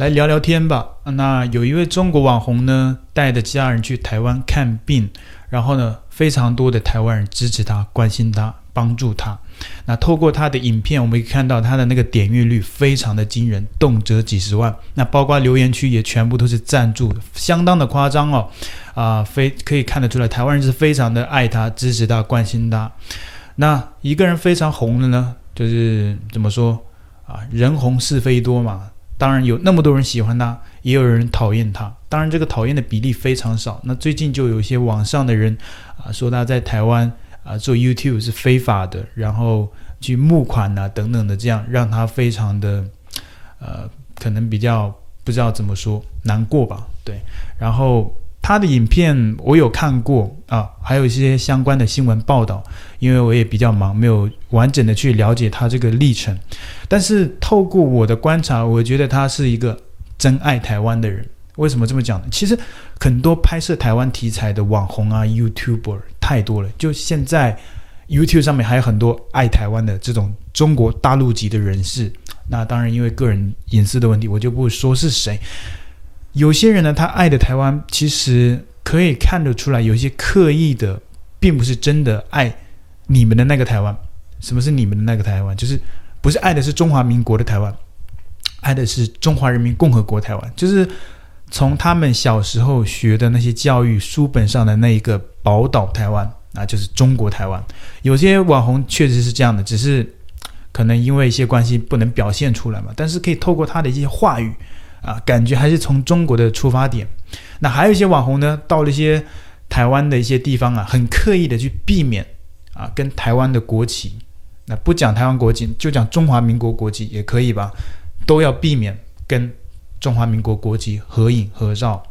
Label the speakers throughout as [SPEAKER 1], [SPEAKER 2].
[SPEAKER 1] 來聊聊天吧。那有一位中國網紅呢，帶着家人去台灣看病，然後呢，非常多的台灣人支持他、關心他、幫助他。那透過他的影片，我們可以看到他的那個點閱率非常的驚人，動輒幾十萬。那包括留言區也全部都是贊助，相當的誇張哦。啊，非可以看得出來，台灣人是非常的愛他、支持他、關心他。那一個人非常紅的呢，就是怎麼說啊？人紅是非多嘛。當然有那麼多人喜歡他，也有人討厭他。當然，這個討厭的比例非常少。那最近就有一些網上的人啊，說他在台灣啊做 YouTube 是非法的，然後去募款吶啊等等的，這樣讓他非常的呃，可能比較不知道怎麼說，難過吧。對，然後他的影片我有看過啊，還有一些相關的新聞報道。因為我也比較忙，沒有完整的去了解他這個歷程。但是透過我的觀察，我覺得他是一個真愛台灣的人。為什麼這麼講呢？其實很多拍攝台灣題材的網紅啊、YouTuber 太多了，就現在 YouTube 上面還有很多愛台灣的這種中國大陸籍的人士。那當然因為個人隱私的問題，我就不會說是誰。有些人呢，他愛的台灣，其實可以看得出來，有些刻意的，並不是真的愛。你們的那個台灣，什麼是你們的那個台灣？就是不是愛的是中華民國的台灣，愛的是中華人民共和國台灣。就是從他們小時候學的那些教育書本上的那一個寶島台灣啊，就是中國台灣。有些網紅確實是這樣的，只是可能因為一些關係不能表現出來嘛。但是可以透過他的一些話語啊，感覺還是從中國的出發點。那還有一些網紅呢，到了一些台灣的一些地方啊，很刻意的去避免。啊，跟台灣的國旗，那不講台灣國旗，就講中華民國國旗也可以吧，都要避免跟中華民國國旗合影合照，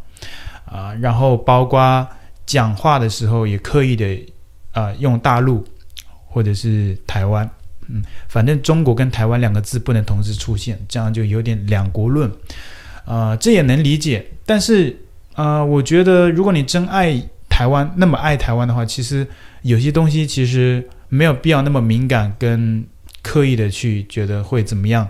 [SPEAKER 1] 啊，然後包括講話的時候也刻意的啊用大陸或者是台灣，嗯，反正中國跟台灣兩個字不能同時出現，這樣就有點兩國論，啊，這也能理解，但是啊，我覺得如果你真愛台灣，那麼愛台灣的話，其實。有些東西其實沒有必要那麼敏感跟刻意的去覺得會怎麼樣，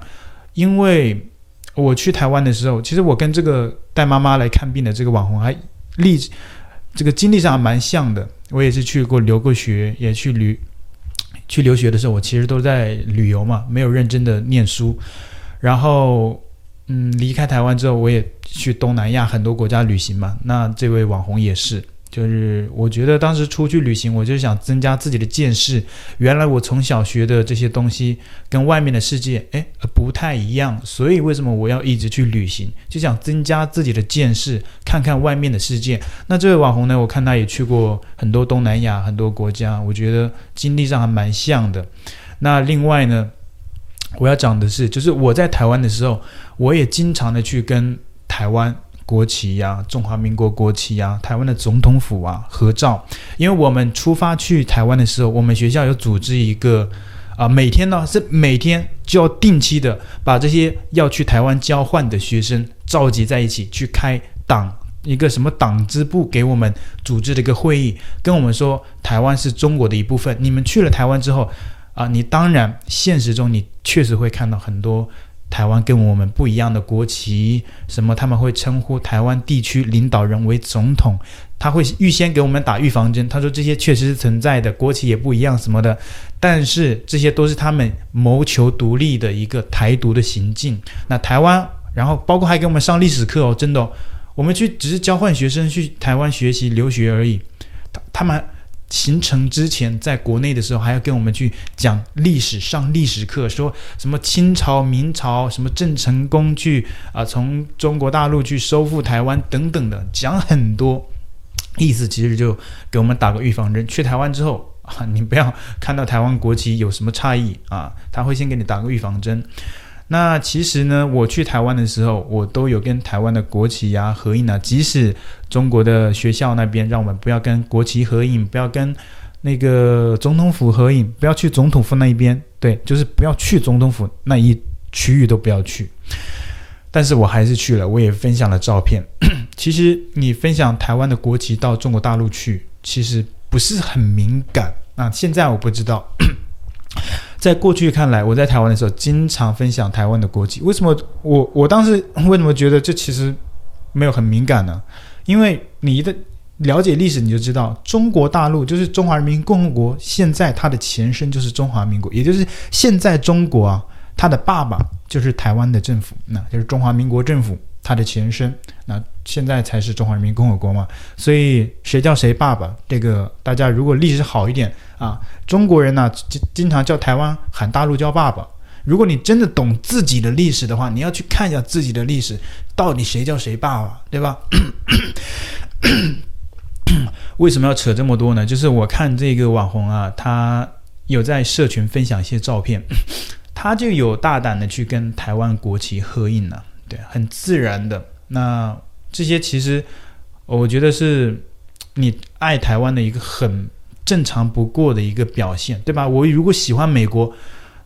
[SPEAKER 1] 因為我去台灣的時候，其實我跟這個帶媽媽來看病的這個網紅還歷這個經歷上還蠻像的。我也是去過留過學，也去旅去留學的時候，我其實都在旅遊嘛，沒有認真的念書。然後，嗯，離開台灣之後，我也去東南亞很多國家旅行嘛。那這位網紅也是。就是我覺得當時出去旅行，我就想增加自己的見識。原來我從小學的這些東西跟外面的世界，誒不太一樣。所以為什麼我要一直去旅行？就想增加自己的見識，看看外面的世界。那這位網紅呢？我看他也去過很多東南亞很多國家，我覺得經歷上還蠻像的。那另外呢，我要講的是，就是我在台灣的時候，我也經常的去跟台灣。國旗呀、啊，中華民國國旗呀、啊，台灣的總統府啊，合照。因為我們出發去台灣的時候，我們學校有組織一個，啊，每天呢是每天就要定期的把這些要去台灣交換的學生召集在一起，去開黨一個什麼黨支部給我們組織的一個會議，跟我們說台灣是中國的一部分。你們去了台灣之後，啊，你當然現實中你確實會看到很多。台灣跟我們不一樣的國旗，什麼他們會稱呼台灣地區領導人為總統，他會預先給我們打預防針，他說這些確實是存在的，國旗也不一樣什麼的，但是這些都是他們謀求獨立的一個台獨的行徑。那台灣，然後包括還給我們上歷史課哦，真的哦，我們去只是交換學生去台灣學習留學而已，他他們。行程之前，在國內的時候還要跟我們去講歷史上歷史課，說什麼清朝、明朝，什麼鄭成功去啊，從中國大陸去收復台灣等等的，講很多。意思其實就給我們打個預防針。去台灣之後啊，你不要看到台灣國旗有什麼差異啊，他會先給你打個預防針。那其實呢，我去台灣的時候，我都有跟台灣的國旗呀、合影啊。即使中國的學校那邊讓我們不要跟國旗合影，不要跟那個總統府合影，不要去總統府那一邊，對，就是不要去總統府那一區域都不要去。但是我還是去了，我也分享了照片。其實你分享台灣的國旗到中國大陸去，其實不是很敏感啊。現在我不知道。在過去看來，我在台灣的時候經常分享台灣的國籍。為什麼我我當時為什麼覺得這其實沒有很敏感呢？因為你一旦了解歷史，你就知道中國大陸就是中華人民共和國，現在它的前身就是中華民國，也就是現在中國啊，它的爸爸就是台灣的政府，那就是中華民國政府它的前身。那現在才是中華人民共和國嘛，所以誰叫誰爸爸？這個大家如果歷史好一點啊，中國人吶、啊，經經常叫台灣喊大陸叫爸爸。如果你真的懂自己的歷史的話，你要去看一下自己的歷史，到底誰叫誰爸爸，對吧？ 為什麼要扯這麼多呢？就是我看這個網紅啊，他有在社群分享一些照片，他就有大膽的去跟台灣國旗合影了、啊，對，很自然的。那這些其實，我覺得是你愛台灣的一個很正常不過的一個表現，對吧？我如果喜歡美國，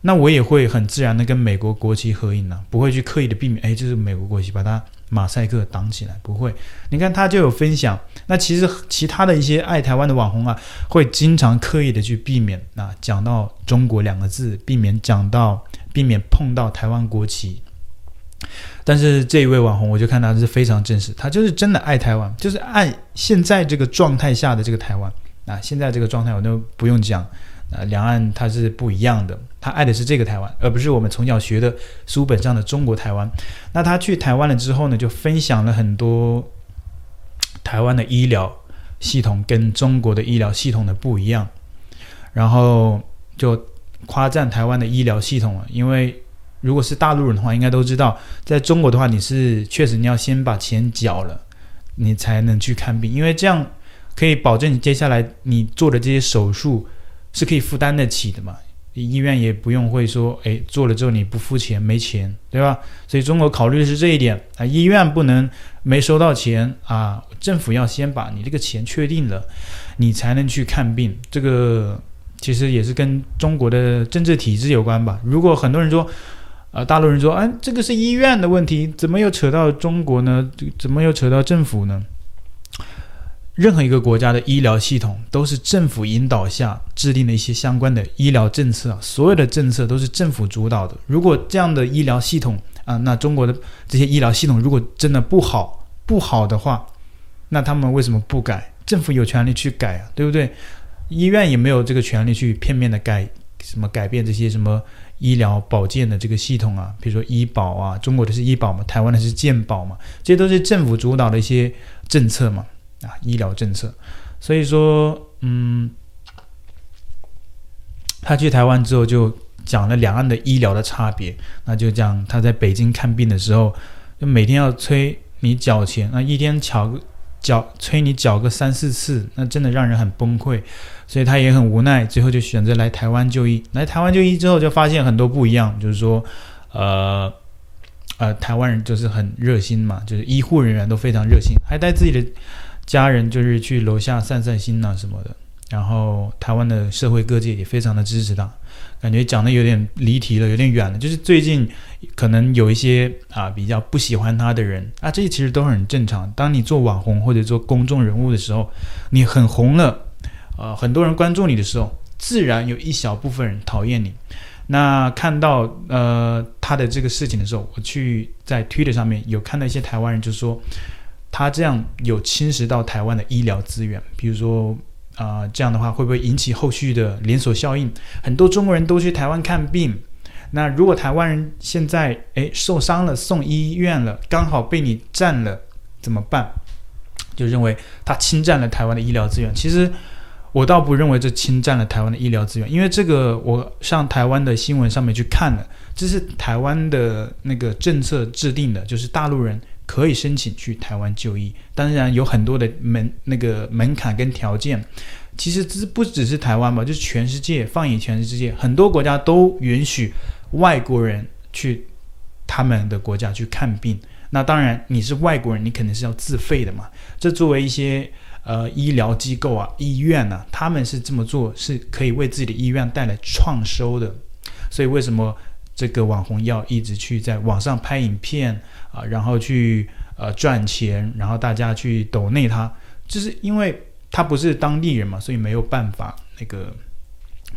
[SPEAKER 1] 那我也會很自然的跟美國國旗合影呢，啊，不會去刻意的避免。哎，這是美國國旗，把它馬賽克擋起來，不會。你看他就有分享。那其實其他的一些愛台灣的網紅啊，會經常刻意的去避免啊，講到中國兩個字，避免講到，避免碰到台灣國旗。但是這一位網紅，我就看他是非常真實，他就是真的愛台灣，就是愛現在這個狀態下的這個台灣啊。現在這個狀態我都不用講，啊，兩岸它是不一樣的，他愛的是這個台灣，而不是我們從小學的書本上的中國台灣。那他去台灣了之後呢，就分享了很多台灣的醫療系統跟中國的醫療系統的不一樣，然後就誇讚台灣的醫療系統啊，因為。如果是大陸人的話，應該都知道，在中國的話，你是確實你要先把錢繳了，你才能去看病，因為這樣可以保證你接下來你做的這些手術是可以負擔得起的嘛。醫院也不用會說，誒、哎，做了之後你不付錢，沒錢，對吧？所以中國考慮的是這一點啊，醫院不能沒收到錢啊，政府要先把你這個錢確定了，你才能去看病。這個其實也是跟中國的政治體制有關吧。如果很多人說，啊，大陸人說，哎、啊，這個是醫院的問題，怎麼又扯到中國呢？怎麼又扯到政府呢？任何一個國家的醫療系統都是政府引導下制定的一些相關的醫療政策，啊，所有的政策都是政府主導的。如果這樣的醫療系統啊，那中國的這些醫療系統如果真的不好不好的話，那他們為什麼不改？政府有權利去改啊，對不對？醫院也沒有這個權利去片面的改。什麼改變這些什麼醫療保健的這個系統啊？比如說醫保啊，中國的是醫保嘛，台灣的是健保嘛，這些都是政府主導的一些政策嘛啊，醫療政策。所以說，嗯，他去台灣之後就講了兩岸的醫療的差別，那就講他在北京看病的時候，就每天要催你繳錢，那一天交。叫催你攪個三四次，那真的讓人很崩潰，所以他也很無奈，最後就選擇來台灣就醫。來台灣就醫之後，就發現很多不一樣，就是說，呃，呃，台灣人就是很熱心嘛，就是醫護人員都非常熱心，還帶自己的家人就是去樓下散散心啊什麼的。然後台灣的社會各界也非常的支持他。感覺講的有點離題了，有點遠了。就是最近可能有一些啊比較不喜歡他的人啊，這些其實都很正常。當你做網紅或者做公眾人物的時候，你很紅了，呃，很多人關注你的時候，自然有一小部分人討厭你。那看到呃他的這個事情的時候，我去在 Twitter 上面有看到一些台灣人就說，他這樣有侵蝕到台灣的醫療資源，比如說。啊、呃，這樣的話會不會引起後續的連鎖效應？很多中國人都去台灣看病，那如果台灣人現在誒受傷了送醫院了，剛好被你佔了怎麼辦？就認為他侵佔了台灣的醫療資源。其實我倒不認為這侵佔了台灣的醫療資源，因為這個我上台灣的新聞上面去看了，這是台灣的那個政策制定的，就是大陸人，可以申請去台灣就醫，當然有很多的門那個門檻跟條件。其實這不只是台灣吧，就是全世界放眼全世界，很多國家都允許外國人去他們的國家去看病。那當然你是外國人，你肯定是要自費的嘛。這作為一些呃醫療機構啊、醫院呢、啊，他們是這麼做，是可以為自己的醫院帶來創收的。所以為什麼這個網紅要一直去在網上拍影片？啊，然後去呃賺錢，然後大家去抖內他，就是因為他不是當地人嘛，所以沒有辦法那個，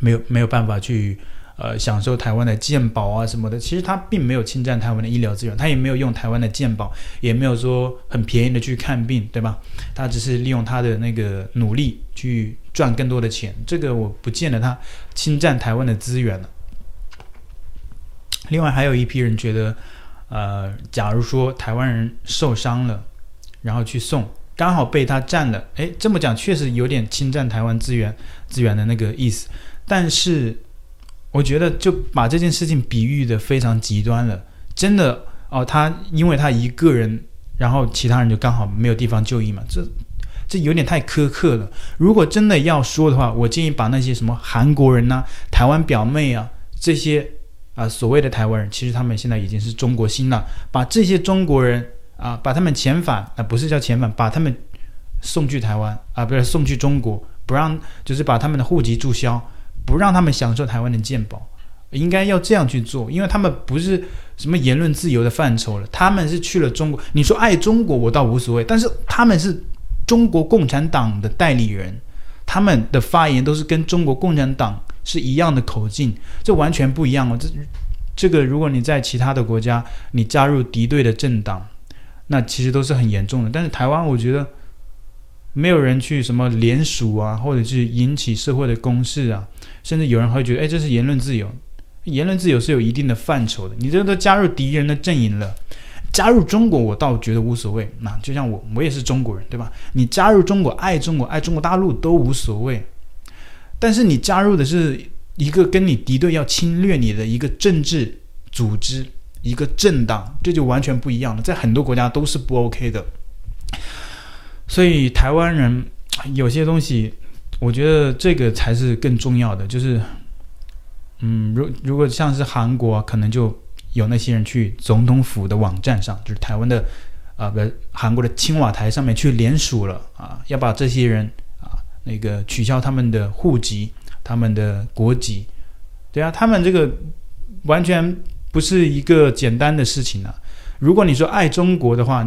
[SPEAKER 1] 沒有沒有辦法去呃享受台灣的健保啊什麼的。其實他並沒有侵占台灣的醫療資源，他也沒有用台灣的健保，也沒有說很便宜的去看病，對吧？他只是利用他的那個努力去賺更多的錢，這個我不見得他侵占台灣的資源了。另外還有一批人覺得。呃，假如說台灣人受傷了，然後去送，剛好被他占了，誒，這麼講確實有點侵占台灣資源資源的那個意思。但是，我覺得就把這件事情比喻得非常極端了，真的哦，他因為他一個人，然後其他人就剛好沒有地方就醫嘛，這這有點太苛刻了。如果真的要說的話，我建議把那些什麼韓國人吶、啊、台灣表妹啊這些。啊，所謂的台灣人，其實他們現在已經是中國心了。把這些中國人啊，把他們遣返啊，不是叫遣返，把他們送去台灣啊，不是送去中國，不讓就是把他們的戶籍註銷，不讓他們享受台灣的健保，應該要這樣去做，因為他們不是什麼言論自由的範疇了，他們是去了中國。你說愛中國，我倒無所謂，但是他們是中國共產黨的代理人，他們的發言都是跟中國共產黨是一樣的口徑，這完全不一樣哦。這，這個如果你在其他的國家，你加入敵對的政黨，那其實都是很嚴重的。但是台灣，我覺得沒有人去什麼聯署啊，或者是引起社會的攻勢啊，甚至有人會覺得，哎，這是言論自由。言論自由是有一定的範疇的。你這都加入敵人的陣營了，加入中國，我倒覺得無所謂。那就像我，我也是中國人，對吧？你加入中國，愛中國，愛中國大陸都無所謂。但是你加入的是一個跟你敵對、要侵略你的一個政治組織、一個政黨，這就完全不一樣了。在很多國家都是不 OK 的，所以台灣人有些東西，我覺得這個才是更重要的。就是，嗯，如如果像是韓國，可能就有那些人去總統府的網站上，就是台灣的啊，不，呃，是韓國的青瓦台上面去聯署了啊，要把這些人。那個取消他們的戶籍、他們的國籍，對啊，他們這個完全不是一個簡單的事情啊。如果你說愛中國的話，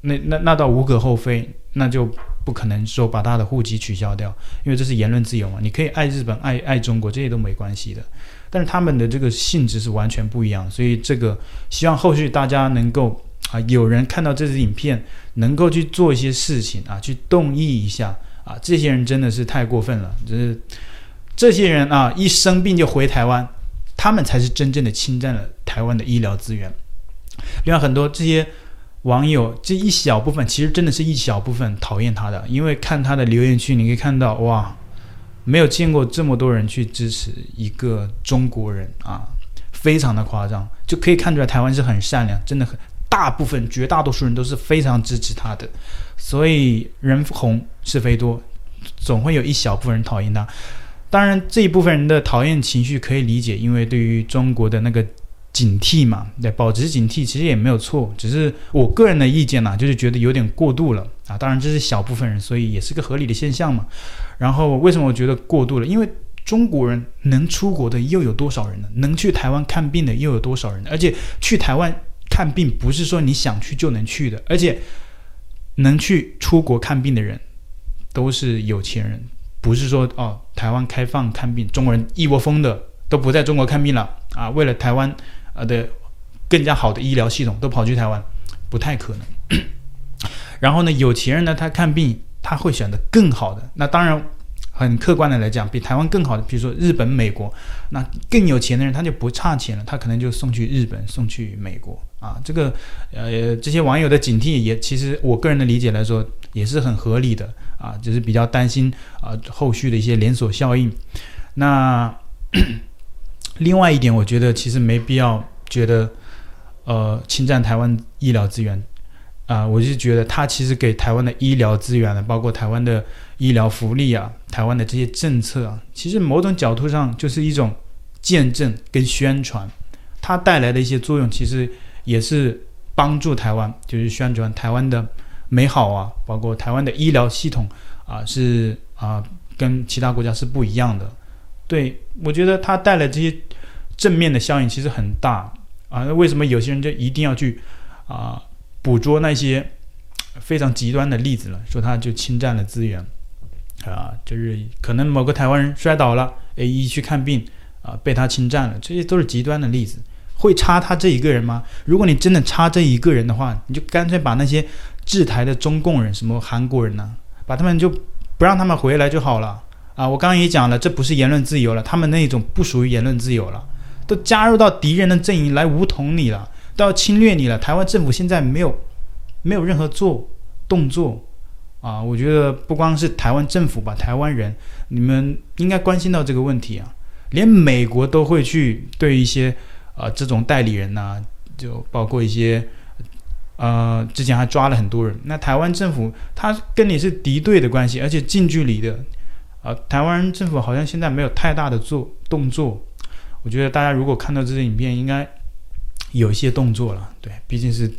[SPEAKER 1] 那那那倒無可厚非，那就不可能說把他的戶籍取消掉，因為這是言論自由嘛。你可以愛日本、愛愛中國這些都沒關係的，但是他們的這個性質是完全不一樣，所以這個希望後續大家能夠啊，有人看到這支影片，能夠去做一些事情啊，去動議一下。啊，這些人真的是太過分了！就是這些人啊，一生病就回台灣，他們才是真正的侵占了台灣的醫療資源。另外，很多這些網友這一小部分，其實真的是一小部分討厭他的，因為看他的留言區，你可以看到，哇，沒有見過這麼多人去支持一個中國人啊，非常的誇張，就可以看出來台灣是很善良，真的很。大部分絕大多數人都是非常支持他的，所以人紅是非多，總會有一小部分人討厭他。當然這一部分人的討厭情緒可以理解，因為對於中國的那個警惕嘛，對保持警惕其實也沒有錯，只是我個人的意見吶、啊，就是覺得有點過度了啊。當然這是小部分人，所以也是個合理的現象嘛。然後為什麼我覺得過度了？因為中國人能出國的又有多少人呢？能去台灣看病的又有多少人？而且去台灣。看病不是說你想去就能去的，而且能去出國看病的人都是有錢人，不是說哦台灣開放看病，中國人一窩蜂的都不在中國看病了啊，為了台灣啊的更加好的醫療系統都跑去台灣，不太可能。 然後呢，有錢人呢，他看病他會選擇更好的，那當然。很客觀的來講，比台灣更好的，比如說日本、美國，那更有錢的人他就不差錢了，他可能就送去日本、送去美國啊。這個，呃，這些網友的警惕也，其實我個人的理解來說也是很合理的啊，就是比較擔心啊、呃、後續的一些連鎖效應。那另外一點，我覺得其實沒必要覺得呃侵占台灣醫療資源。啊，我就覺得他其實給台灣的醫療資源呢，包括台灣的醫療福利啊，台灣的這些政策啊，其實某種角度上就是一種見證跟宣傳，它帶來的一些作用，其實也是幫助台灣，就是宣傳台灣的美好啊，包括台灣的醫療系統啊，是啊，跟其他國家是不一樣的。對，我覺得它帶來這些正面的效應其實很大啊，那為什麼有些人就一定要去啊？捕捉那些非常極端的例子了，說他就侵佔了資源，啊，就是可能某個台灣人摔倒了誒，一去看病，啊，被他侵佔了，這些都是極端的例子。會差他這一個人嗎？如果你真的差這一個人的話，你就乾脆把那些滯台的中共人、什麼韓國人呢，啊，把他們就不讓他們回來就好了。啊，我剛剛也講了，這不是言論自由了，他們那種不屬於言論自由了，都加入到敵人的陣營來武統你了。到侵略你了，台灣政府現在沒有，沒有任何做動作，啊，我覺得不光是台灣政府吧，台灣人，你們應該關心到這個問題啊。連美國都會去對一些啊、呃、這種代理人吶、啊，就包括一些，呃，之前還抓了很多人。那台灣政府他跟你是敵對的關係，而且近距離的，啊、呃，台灣政府好像現在沒有太大的做動作。我覺得大家如果看到這些影片，應該。有一些動作了，對，畢竟是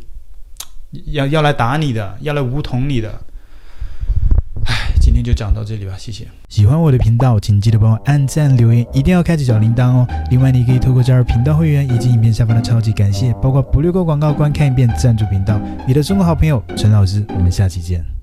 [SPEAKER 1] 要要來打你的，要來梧桐你的。哎，今天就講到這裡吧，謝謝。喜歡我的頻道，請記得幫我按讚、留言，一定要開啟小鈴鐺哦。另外，你可以透過加入頻道會員以及影片下方的超級感謝，包括不略過廣告，觀看一遍贊助頻道。你的中國好朋友陳老師，我們下期見。